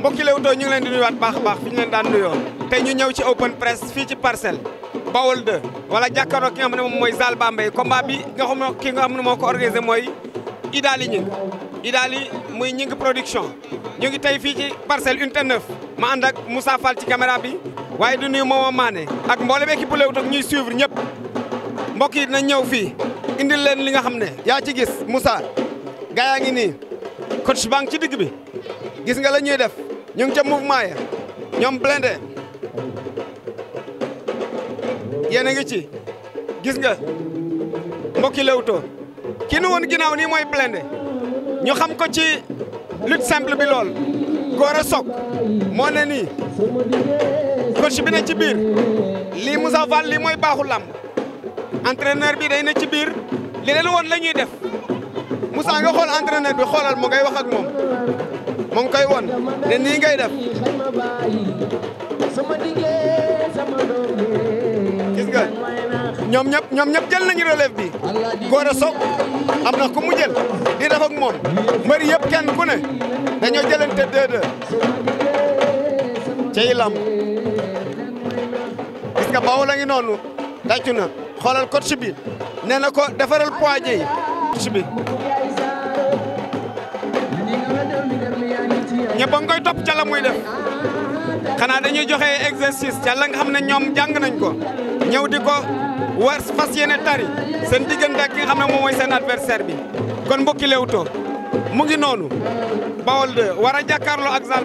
mbokki Leewtoo ñu ngi leen di nuyuwaat baax a baax fi ñu leen daan nuyoo tey ñu ñëw ci open press fii ci parcelle Bawol 2 wala jàkkaarloo ki nga xam ne moom mooy Zal Bambey combat bi nga xam ne ki ne moo ko organisé mooy Idaly Gning muy Gning production ñu ngi tey fii ci parcelle unité 9 ma ànd ak Moussa Fall ci caméra bi waaye du nuyu Momo Mané ak mboolem équipe Leewtoo ñuy suivre ñëpp mbokk yi dinañ ñëw fii indil leen li nga xam ne yaa ci gis Moussa gaa yaa ngi nii coach baa ngi ci digg bi nga la ñuy def ñu ngi ca mouvement ya ñoom blindé yéen a ngi ci gis nga mbokki Leewtoo ki nu woon ginnaaw nii mooy blindé ñu xam ko ci lutte simple bi lool Gora Sock moo ne nii coach bi na ci biir lii musa Fall lii mooy baaxu làmb entraîneur bi na ne ci biir li leen woon la ñuy def Moussa nga xool entraîneur bi xoolal mu ngay wax ak moom mu ngi koy won ne nii ngay def gis nga ñoom ñëpp ñoom ñëpp jël nañu relève bi Gora Sock am na ku mu jël di def ak moom mbëri yëpp kenn ku ne dañoo jëlante deux deux cey lamb gis nga bawo la ngi noonu tàccu na xoolal coach bi nee na ko defaral poids yi coach bi ñëpp a ngi koy topp ca la muy def xanaa dañuy joxe exercice ca la nga xam ne ñoom jàng nañ ko ñëw di ko war fas yéene tari seen diggante ak ki nga xam ne moom mooy seen adversaire bi. kon mbokki Leewtoo mu ngi noonu Bawol 2 war a jàkkaarloo ak Zal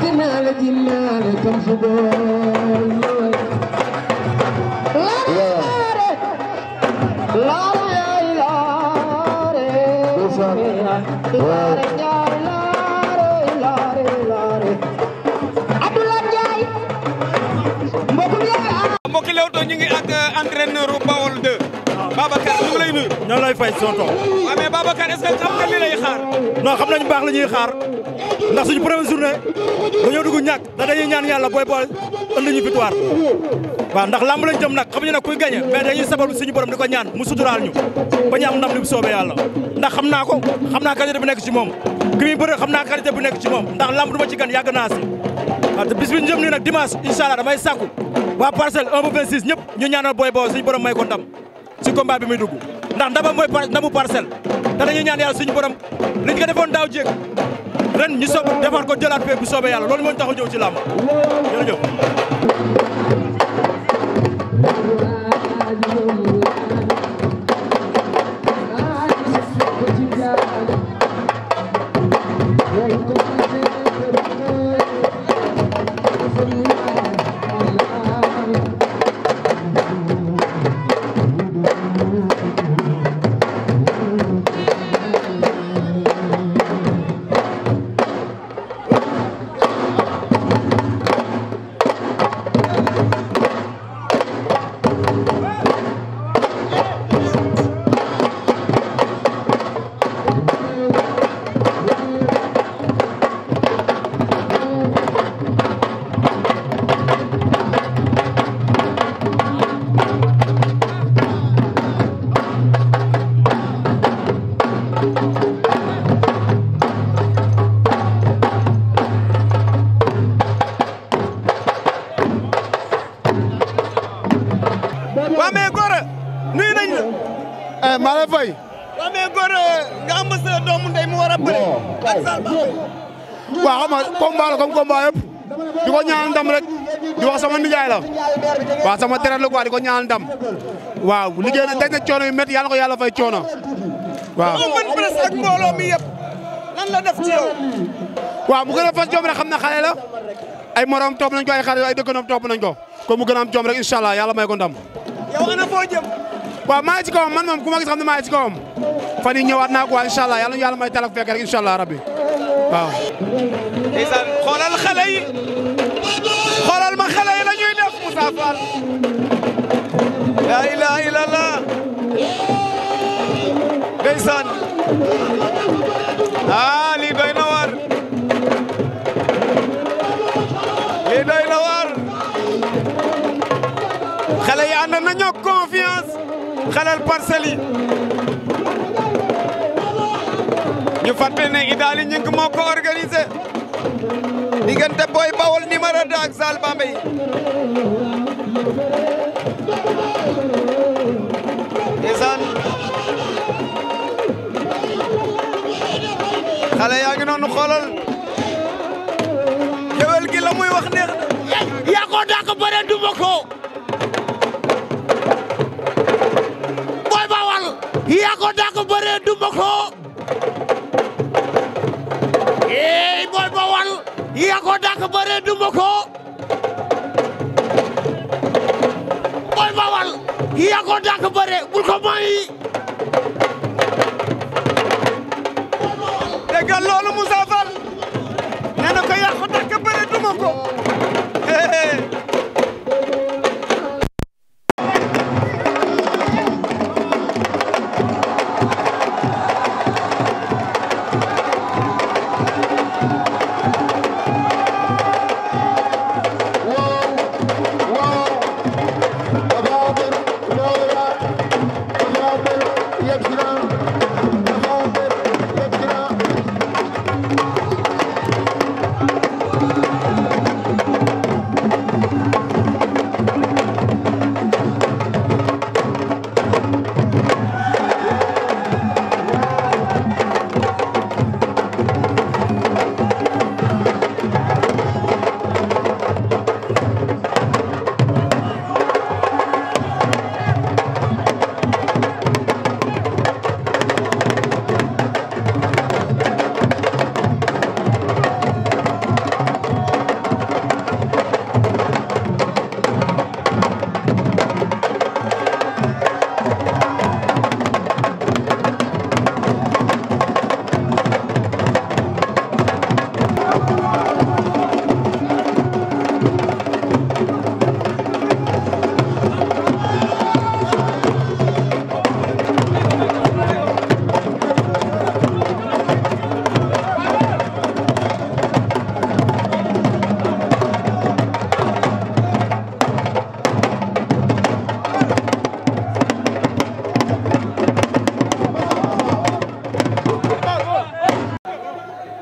dinaa dinaa la tam fa doon laare laare yaay laare laare yaay laare laare laare Abdoulaye Ndiaye mbokk mi yaay ah. mbokk Leewtoo ñu ngi ak euh, entraîneur Bawol 2 ah. Babacar ñu ngi lay nuyu ñoo lay fay sonto waaw ah, mais Babacar est-ce que xam nga li lay xaar non xam nañu baax la ñuy xaar ndax suñu première journée dañoo dugg ñàkk da dañuy ñaan yàlla booy bool ëndi ñu victoire waaw ndax lamb lañ jëm nag xamuñu nag kuy gagné mais dañuy sabablu suñu borom di ko ñaan mu suturaal ñu ba ñu am ndam li mu ndax xam naa ko xam naa qualité bi nekk ci moom ki muy xam naa qualité bi nekk ci moom ndax lamb du ma ci gan yàgg naa si waaw te nii nag dimanche incha allah damay waa parcelle 1 ba ñëpp ñu ñaanal booy ren ñu soog defar ko jëlaat fee bu soobee yàlla loolu moo ñu tax a waa mais Gora nuyu nañ la. Eh, maa la fay. waa mais Gora nga am doomu ndey mu war a bëri. ak Salma. waaw xam nga combat la comme combat ko ñaanal ndam rek di wax sama nijaay la waaw sama teral la quoi di ko ñaanal ndam waaw liggéey na teg na coono yu métti yàlla ko yàlla fay coono waaw. open mu gën a fas jom rek xam na xale la ay morom topp nañ ko ay xale ay dëkkanoom topp nañ ko kon mu gën a am jom rek incha allah yàlla may ko ndam. yow ana foo jëm. waaw maa ngi man moom ku ma xam ne maa ngi ci kawam fan yii naa ko waa incha allah yàlla may talak fekk rek incha allah rabbi waaw. ndeysaan xoolal xale ma xale la ñuy def Moussa Fall. laa ilaha illallah. ndeysaan ah. xale yi ànd nañoo confiance xalal parcelles ñu fàtte ne Idaly Gningue moo ko organisé diggante Boy Bawol numéro 2 ak Zal Bambey ndeysaan xale yaa ngi noonu xoolal géwél gi la muy wax neex yaa ko dàq bëre duma ko yaa ko dàq bëree du ma ko eey booy bawal yaa ko dàq bëree du ma ko booy bawal yaa ko dàq bëree bul ko may déggal loolu Moussa Fall nee na ko yaa ko dàq bëree du ma ko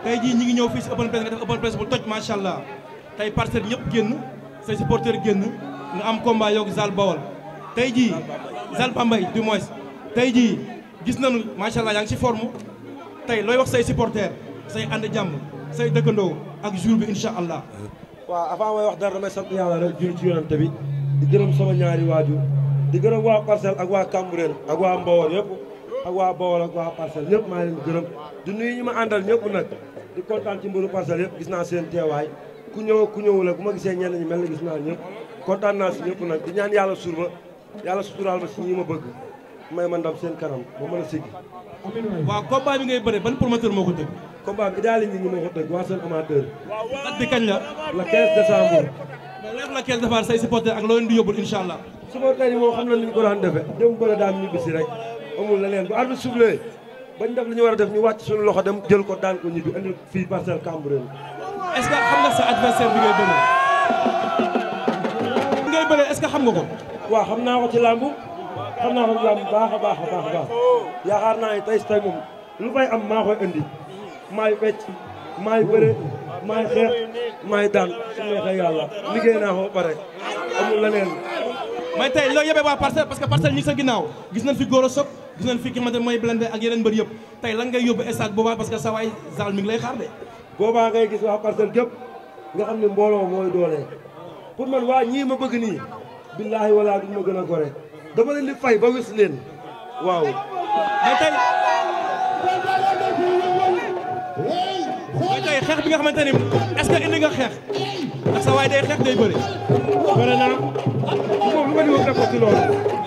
tey jii ñi ngi ñëw fii si open press nga def open press bu toj macha allah tey parcelle ñëpp génn say supporter génn nga am combat yoog Zal Bawol tey jii Zal Bambey du moins tey jii gis nañu macha allah yaa ngi si forme tey looy wax say supporter say ànd jàmm say dëkkandoo ak jour bi incha allah. waa avant may wax dara damay sant yàlla rek jur ci yonante bi di gërëm sama ñaari waajur di gërëm waa parcelle ak waa Cambérène ak waa Mbowar yëpp ak waa Bawol ak waa parcelle ñëpp maa di kontaan ci mbiru yëpp gis seen teewaay ku ñëw ku ñëw la ma ñi mel na ñëpp kontaan naa si ñëpp di ñaan yàlla suur ma yàlla suturaal ma si ñi ma bëgg may ma seen kanam ba mën a siggi waaw combat bi ngay ban promoteur moo ko tëgg combat ñi ngi moo ko tëgg waa seen amateur date bi kañ la le 15 décembre say supporter ak loo leen yóbbul incha allah supporter yi moom xam na ni ñu defe bañ def li ñu war a def ñu wàcc suñu loxo dem jël ko daan ko ñibbi indi fii Parcelles Cambérène. est ce que xam nga sa adversaire bi ngay bëree. bi ngay bëree est ce xam nga ko. waa xam naa ko ci làmb xam naa ko ci làmb baax a baax a baax a baax yaakaar naa ne tey tey moom lu fay am maa koy indi maay fecc maay bëre maay xeex maay daan su neexee yàlla liggéey naa ko ba pare amul leneen. may tey loo yebee waa parcelle parce ñi sa ginnaaw gis nañ fi góor a gis nañ fi ki xamante mooy Blindé ak yeneen mbër yëpp tey lan ngay yóbbu stade boobaa parce que sa waay Zal mi ngi lay xaar de ngay gis waa parcelle gépp nga xam ne mbooloo mooy doole pour man waa ñii ma bëgg nii billaahi walaa duñ ma gën a gore dama leen di fay ba wis leen waaw mais tey xeex bi nga xamante ni est-ce indi nga xeex ndax sa waay day xeex day bëri bëri naa moom lu ma di wax def ko ci loolu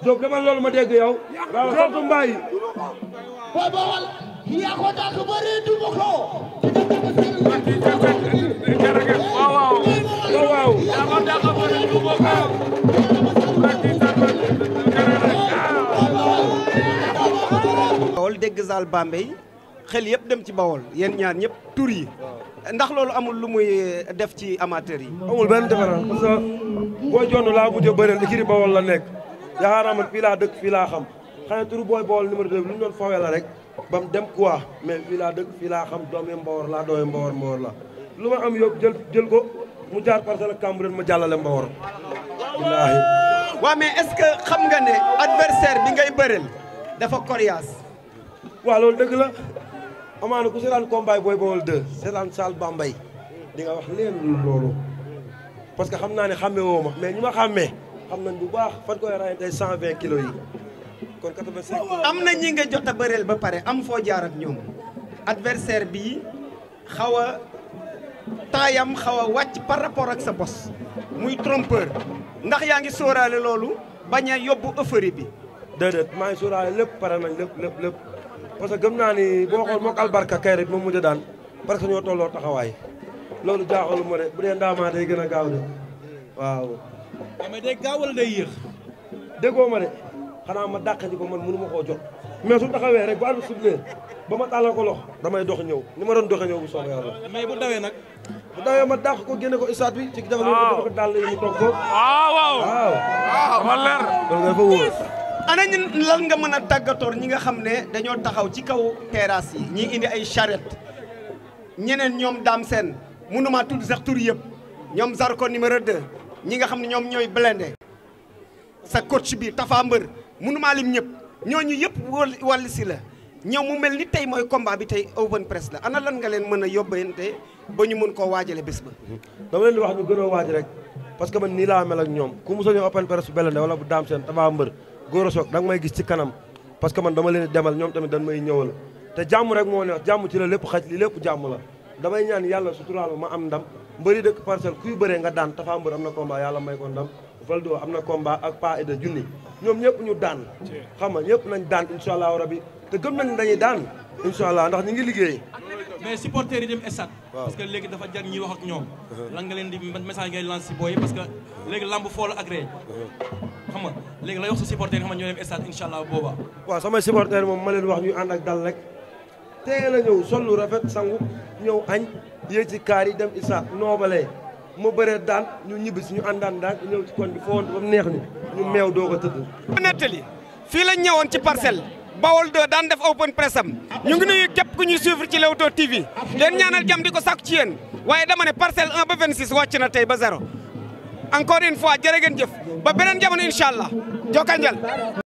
Diop dama loolu ma dégg yow. waaw kooku Mbaye. booy boobal. yaa ko dàq bëri du ma ko. jërëjëf waaw waaw. waaw waaw. yaa ko dàq bëri du ma ko. Bawol dégg Zal Bambey xel yëpp dem ci Bawol yéen ñaar ñëpp tur yi. ndax loolu amul lu muy def ci amateur yi. amul benn defar parce que boo joonu laa mujj a bëri li kii di Bawol la nekk. yaakaar man fii laa dëkk fii laa xam xanaa turu booy bool numéro 2 bi lu ñu fawee la rek ba mu dem quoi mais fii laa dëkk fii laa xam doomi Mbawar laa doomi Mbawar Mbawar la lu ma am yóbbu jël jël ko mu jaar Parcelles ak Cambérène ma jàllale Mbawar billaahi waaw mais ce que xam nga ne adversaire bi ngay bëreel dafa coriace waaw loolu dëgg la amaana ku seetaan combat booy bool 2 seetaan Sall Bambay di nga wax leen loolu parce que xam naa ne xàmme ma mais xam nañ bu baax fan koy rayantee cent vingt kilos yi kon quatre-vingt-cinq am na ñi nga jot a bëreel ba pare am foo jaar ak ñoom adversaire bi xaw a taayam xaw a wàcc par rapport ak sa bos muy trompeur ndax yaa ngi sóoraale loolu bañ a yóbbu euphorie bi déedéet maa ngi sóoraale lépp pare nañ lépp lépp lépp parce que gëm naa ni boo xool mook albarka kay rek moom mujj daan parce que ñoo tolloo taxawaay loolu jaaxalu ma de bu dee ndaamaa day gën a gaaw de waaw mais day gaaw wala day yéex. déggoo ma de xanaa ma dàqaji ko man mënu ma koo jot mais su taxawee rek bu àll sublee ba ma tàllal ko loxo damay dox ñëw ni ma doon doxee ñëw bu soobee yàlla. mais bu dawee nag. bu dawee ma dàq ko génne ko isaat bi. ci jafe-jafe ko dafa ko daal yi mu toog ko. Ah, waaw waaw waaw. Ah, ma leer. loolu dafa wóor. ana ñu lan nga mën a tàggatoor ñi nga xam ne dañoo taxaw ci kaw terrasse yi. ñii indi ay charrette ñeneen ñoom daam seen mënuma tudd sax tur yëpp ñoom Zarko numéro 2. ñi nga xam ne ñoom ñooy blindé sa coach bi Tafa Mbër mënumaa lim ñëpp ñooñu yëpp wàll wàll si la ñoom mu mel ni tey mooy combat bi tey open press la ana lan nga leen mën a yóbbeente ba ñu mën koo waajale bés ba. dama leen wax ñu gën a waaj rek parce que man nii laa mel ak ñoom ku mu soññee open press bu blindé wala bu daam seen Tafa Mbër góor a danga may gis ci kanam parce que man dama leen demal ñoom tamit dañ may ñëwal te jàmm rek moo ne jàmm ci la lépp xaj li lépp jàmm la damay ñaan yàlla suturaal ma am ndam mbëri dëkk parcelle kuy bëree nga daan Tapha Mbeur am na combat yàlla may ko ndam Valdo am na combat ak Pa Ida Junni ñoom ñëpp ñu daan xam nga ñëpp nañ daan incha allahu rabi te gëm nañ dañuy daan incha allah ndax ñu ngi liggéey mais supporters yi dem stade parce que léegi dafa jar ñuy wax ak ñoom uh-huh. lan nga leen di message ngay lancé si booy parce que uh-huh. léegi lamb fool la agréé uh-huh. xam nga léegi lay wax sa supporters yi xam nga ñoo dem stade incha allah booba waaw samay supporters moom ma leen wax ñuy ànd ak dal rek teel a ñëw rafet sangu ñëw añ yéeg ci kaar yi dem Issa noobalee mu bëree daan ñu ñibbi ñu àndaan daan ñëw ci koñ bi foo woon mu neex ñu ñu meew doo ko tëdd. bu nettali fii lañ ñëwoon ci parcelle Bawol 2 daan def open press am ñu ngi nuyu képp ku ñuy suivre ci Leewtoo TV leen ñaanal jàmm di ko sàkku ci yéen waaye dama ne parcelle 1 ba 26 wàcc na tey ba zéro encore une fois jërë ngeen jëf ba beneen jamono incha allah jokkanjal